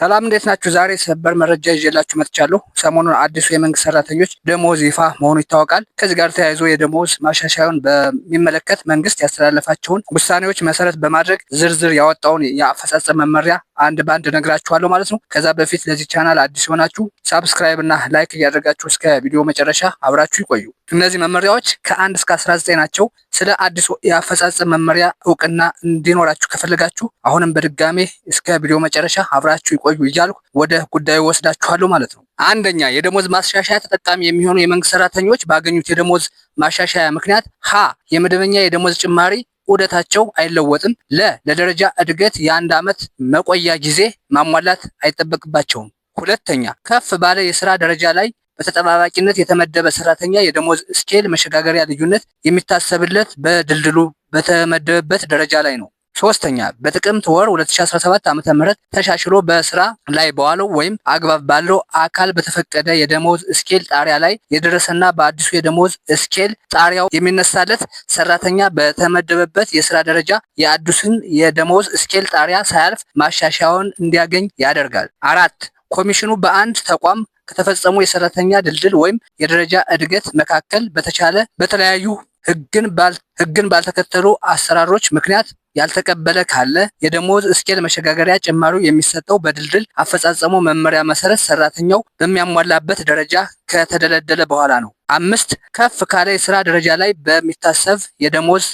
ሰላም እንዴት ናችሁ? ዛሬ ሰበር መረጃ ይዤላችሁ መጥቻለሁ። ሰሞኑን አዲሱ የመንግስት ሰራተኞች ደሞዝ ይፋ መሆኑ ይታወቃል። ከዚህ ጋር ተያይዞ የደሞዝ ማሻሻያውን በሚመለከት መንግስት ያስተላለፋቸውን ውሳኔዎች መሰረት በማድረግ ዝርዝር ያወጣውን የአፈጻጸም መመሪያ አንድ በአንድ ነግራችኋለሁ ማለት ነው። ከዛ በፊት ለዚህ ቻናል አዲስ የሆናችሁ ሳብስክራይብ እና ላይክ እያደረጋችሁ እስከ ቪዲዮ መጨረሻ አብራችሁ ይቆዩ። እነዚህ መመሪያዎች ከአንድ እስከ አስራ ዘጠኝ ናቸው። ስለ አዲሱ የአፈጻጸም መመሪያ እውቅና እንዲኖራችሁ ከፈለጋችሁ አሁንም በድጋሜ እስከ ቪዲዮ መጨረሻ አብራችሁ ይቆዩ። ቆዩ እያልኩ ወደ ጉዳዩ ወስዳችኋለሁ ማለት ነው። አንደኛ የደሞዝ ማሻሻያ ተጠቃሚ የሚሆኑ የመንግስት ሰራተኞች ባገኙት የደሞዝ ማሻሻያ ምክንያት ሀ የመደበኛ የደሞዝ ጭማሪ ዑደታቸው አይለወጥም። ለ ለደረጃ እድገት የአንድ ዓመት መቆያ ጊዜ ማሟላት አይጠበቅባቸውም። ሁለተኛ ከፍ ባለ የስራ ደረጃ ላይ በተጠባባቂነት የተመደበ ሰራተኛ የደሞዝ ስኬል መሸጋገሪያ ልዩነት የሚታሰብለት በድልድሉ በተመደበበት ደረጃ ላይ ነው። ሶስተኛ በጥቅምት ወር 2017 ም ተሻሽሎ በስራ ላይ በዋለው ወይም አግባብ ባለው አካል በተፈቀደ የደሞዝ ስኬል ጣሪያ ላይ የደረሰና በአዲሱ የደሞዝ ስኬል ጣሪያው የሚነሳለት ሰራተኛ በተመደበበት የስራ ደረጃ የአዲሱን የደሞዝ ስኬል ጣሪያ ሳያልፍ ማሻሻያውን እንዲያገኝ ያደርጋል። አራት ኮሚሽኑ በአንድ ተቋም ከተፈጸሙ የሰራተኛ ድልድል ወይም የደረጃ እድገት መካከል በተቻለ በተለያዩ ህግን ባልተከተሉ አሰራሮች ምክንያት ያልተቀበለ ካለ የደሞዝ እስኬል መሸጋገሪያ ጭማሪ የሚሰጠው በድልድል አፈጻጸሙ መመሪያ መሰረት ሰራተኛው በሚያሟላበት ደረጃ ከተደለደለ በኋላ ነው። አምስት ከፍ ካለ የስራ ደረጃ ላይ በሚታሰብ የደሞዝ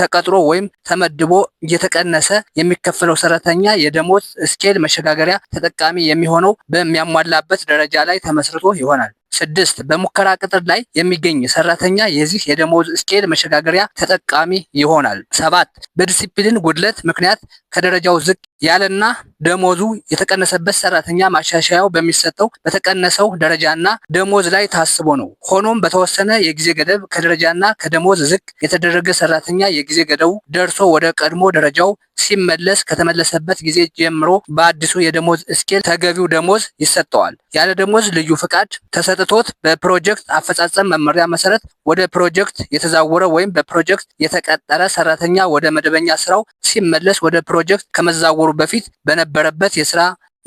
ተቀጥሮ ወይም ተመድቦ እየተቀነሰ የሚከፈለው ሰራተኛ የደሞዝ ስኬል መሸጋገሪያ ተጠቃሚ የሚሆነው በሚያሟላበት ደረጃ ላይ ተመስርቶ ይሆናል። ስድስት በሙከራ ቅጥር ላይ የሚገኝ ሰራተኛ የዚህ የደሞዝ ስኬል መሸጋገሪያ ተጠቃሚ ይሆናል። ሰባት በዲሲፕሊን ጉድለት ምክንያት ከደረጃው ዝቅ ያለና ደሞዙ የተቀነሰበት ሰራተኛ ማሻሻያው በሚሰጠው በተቀነሰው ደረጃና ደሞዝ ላይ ታስቦ ነው። ሆኖም በተወሰነ የጊዜ ገደብ ከደረጃና ከደሞዝ ዝቅ የተደረገ ሰራተኛ የጊዜ ገደቡ ደርሶ ወደ ቀድሞ ደረጃው ሲመለስ ከተመለሰበት ጊዜ ጀምሮ በአዲሱ የደሞዝ እስኬል ተገቢው ደሞዝ ይሰጠዋል። ያለ ደሞዝ ልዩ ፍቃድ ተሰጥቶት በፕሮጀክት አፈጻጸም መመሪያ መሰረት ወደ ፕሮጀክት የተዛወረ ወይም በፕሮጀክት የተቀጠረ ሰራተኛ ወደ መደበኛ ስራው ሲመለስ ወደ ፕሮጀክት ከመዛወሩ በፊት በነበረበት የስራ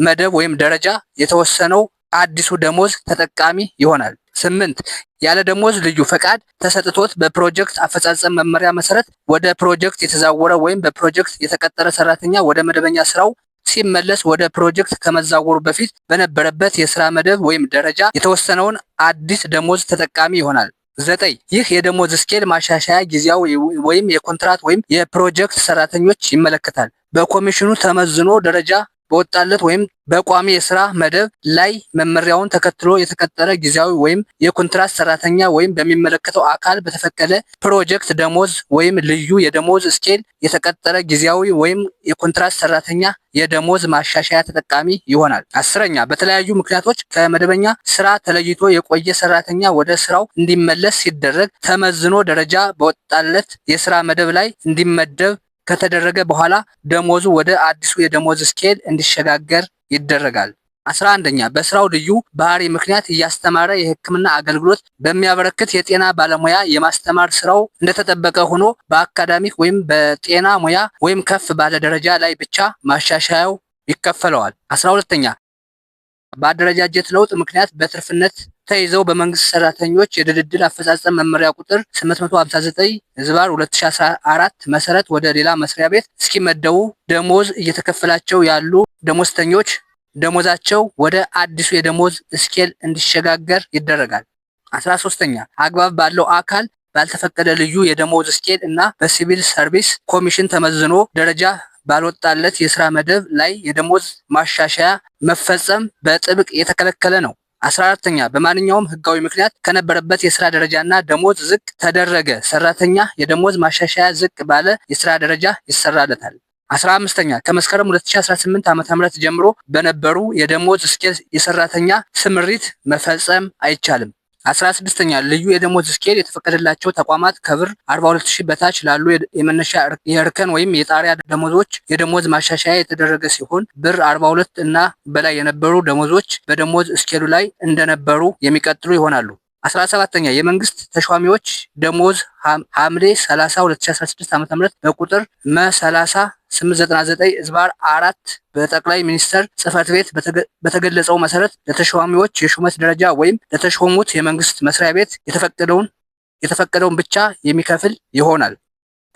መደብ ወይም ደረጃ የተወሰነው አዲሱ ደሞዝ ተጠቃሚ ይሆናል። ስምንት ያለ ደሞዝ ልዩ ፈቃድ ተሰጥቶት በፕሮጀክት አፈጻጸም መመሪያ መሰረት ወደ ፕሮጀክት የተዛወረ ወይም በፕሮጀክት የተቀጠረ ሰራተኛ ወደ መደበኛ ስራው ሲመለስ ወደ ፕሮጀክት ከመዛወሩ በፊት በነበረበት የስራ መደብ ወይም ደረጃ የተወሰነውን አዲስ ደሞዝ ተጠቃሚ ይሆናል። ዘጠኝ ይህ የደሞዝ ስኬል ማሻሻያ ጊዜያዊ ወይም የኮንትራት ወይም የፕሮጀክት ሰራተኞች ይመለከታል። በኮሚሽኑ ተመዝኖ ደረጃ በወጣለት ወይም በቋሚ የስራ መደብ ላይ መመሪያውን ተከትሎ የተቀጠረ ጊዜያዊ ወይም የኮንትራት ሰራተኛ ወይም በሚመለከተው አካል በተፈቀደ ፕሮጀክት ደሞዝ ወይም ልዩ የደሞዝ ስኬል የተቀጠረ ጊዜያዊ ወይም የኮንትራት ሰራተኛ የደሞዝ ማሻሻያ ተጠቃሚ ይሆናል። አስረኛ በተለያዩ ምክንያቶች ከመደበኛ ስራ ተለይቶ የቆየ ሰራተኛ ወደ ስራው እንዲመለስ ሲደረግ ተመዝኖ ደረጃ በወጣለት የስራ መደብ ላይ እንዲመደብ ከተደረገ በኋላ ደሞዙ ወደ አዲሱ የደሞዝ ስኬል እንዲሸጋገር ይደረጋል። አስራ አንደኛ በስራው ልዩ ባህሪ ምክንያት እያስተማረ የሕክምና አገልግሎት በሚያበረክት የጤና ባለሙያ የማስተማር ስራው እንደተጠበቀ ሆኖ በአካዳሚክ ወይም በጤና ሙያ ወይም ከፍ ባለ ደረጃ ላይ ብቻ ማሻሻያው ይከፈለዋል። አስራ ሁለተኛ በአደረጃጀት ለውጥ ምክንያት በትርፍነት ተይዘው በመንግስት ሰራተኞች የድልድል አፈጻጸም መመሪያ ቁጥር 859 ህዝባር 2014 መሰረት ወደ ሌላ መስሪያ ቤት እስኪመደቡ ደሞዝ እየተከፈላቸው ያሉ ደሞዝተኞች ደሞዛቸው ወደ አዲሱ የደሞዝ እስኬል እንዲሸጋገር ይደረጋል። 13ኛ አግባብ ባለው አካል ባልተፈቀደ ልዩ የደሞዝ እስኬል እና በሲቪል ሰርቪስ ኮሚሽን ተመዝኖ ደረጃ ባልወጣለት የስራ መደብ ላይ የደሞዝ ማሻሻያ መፈጸም በጥብቅ የተከለከለ ነው። አራተኛ በማንኛውም ህጋዊ ምክንያት ከነበረበት የስራ ደረጃና ደሞዝ ዝቅ ተደረገ ሰራተኛ የደሞዝ ማሻሻያ ዝቅ ባለ የስራ ደረጃ ይሰራለታል። አምስተኛ ከመስከረም 2018 ዓ.ም ጀምሮ በነበሩ የደሞዝ ስኬል የሰራተኛ ስምሪት መፈጸም አይቻልም። አስራ ስድስተኛ ልዩ የደሞዝ ስኬል የተፈቀደላቸው ተቋማት ከብር 42 ሺህ በታች ላሉ የመነሻ የእርከን ወይም የጣሪያ ደሞዞች የደሞዝ ማሻሻያ የተደረገ ሲሆን ብር 42 እና በላይ የነበሩ ደሞዞች በደሞዝ ስኬሉ ላይ እንደነበሩ የሚቀጥሉ ይሆናሉ። አስራ ሰባተኛ የመንግስት ተሿሚዎች ደሞዝ ሐምሌ 30 2016 ዓ.ም በቁጥር መ 30 899 ዝባር አራት በጠቅላይ ሚኒስተር ጽህፈት ቤት በተገለጸው መሰረት ለተሿሚዎች የሹመት ደረጃ ወይም ለተሾሙት የመንግስት መስሪያ ቤት የተፈቀደውን የተፈቀደውን ብቻ የሚከፍል ይሆናል።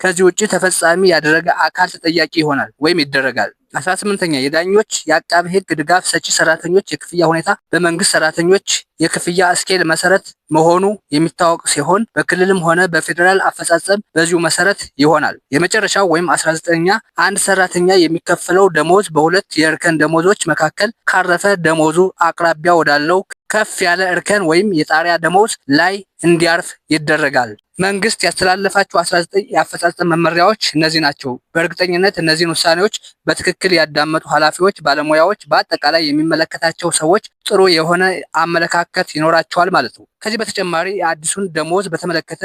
ከዚህ ውጭ ተፈጻሚ ያደረገ አካል ተጠያቂ ይሆናል ወይም ይደረጋል። አስራ ስምንተኛ የዳኞች የአቃቤ ህግ ድጋፍ ሰጪ ሰራተኞች የክፍያ ሁኔታ በመንግስት ሰራተኞች የክፍያ ስኬል መሰረት መሆኑ የሚታወቅ ሲሆን በክልልም ሆነ በፌዴራል አፈጻጸም በዚሁ መሰረት ይሆናል። የመጨረሻው ወይም አስራ ዘጠነኛ አንድ ሰራተኛ የሚከፈለው ደሞዝ በሁለት የእርከን ደሞዞች መካከል ካረፈ ደሞዙ አቅራቢያ ወዳለው ከፍ ያለ እርከን ወይም የጣሪያ ደመወዝ ላይ እንዲያርፍ ይደረጋል። መንግስት ያስተላለፋቸው 19 የአፈጻጸም መመሪያዎች እነዚህ ናቸው። በእርግጠኝነት እነዚህን ውሳኔዎች በትክክል ያዳመጡ ኃላፊዎች፣ ባለሙያዎች፣ በአጠቃላይ የሚመለከታቸው ሰዎች ጥሩ የሆነ አመለካከት ይኖራቸዋል ማለት ነው። ከዚህ በተጨማሪ የአዲሱን ደመወዝ በተመለከተ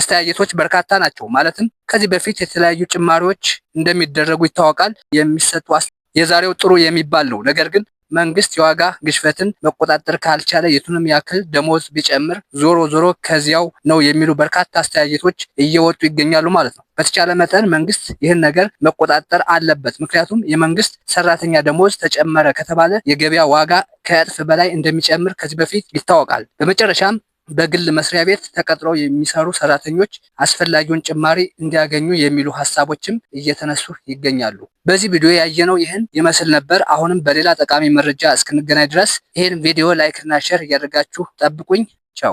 አስተያየቶች በርካታ ናቸው። ማለትም ከዚህ በፊት የተለያዩ ጭማሪዎች እንደሚደረጉ ይታወቃል። የሚሰጡ የዛሬው ጥሩ የሚባል ነው። ነገር ግን መንግስት የዋጋ ግሽበትን መቆጣጠር ካልቻለ የቱንም ያክል ደሞዝ ቢጨምር ዞሮ ዞሮ ከዚያው ነው የሚሉ በርካታ አስተያየቶች እየወጡ ይገኛሉ ማለት ነው። በተቻለ መጠን መንግስት ይህን ነገር መቆጣጠር አለበት። ምክንያቱም የመንግስት ሰራተኛ ደሞዝ ተጨመረ ከተባለ የገበያ ዋጋ ከእጥፍ በላይ እንደሚጨምር ከዚህ በፊት ይታወቃል። በመጨረሻም በግል መስሪያ ቤት ተቀጥረው የሚሰሩ ሰራተኞች አስፈላጊውን ጭማሪ እንዲያገኙ የሚሉ ሀሳቦችም እየተነሱ ይገኛሉ። በዚህ ቪዲዮ ያየነው ይህን ይመስል ነበር። አሁንም በሌላ ጠቃሚ መረጃ እስክንገናኝ ድረስ ይህን ቪዲዮ ላይክና ሼር እያደርጋችሁ ጠብቁኝ። ቻው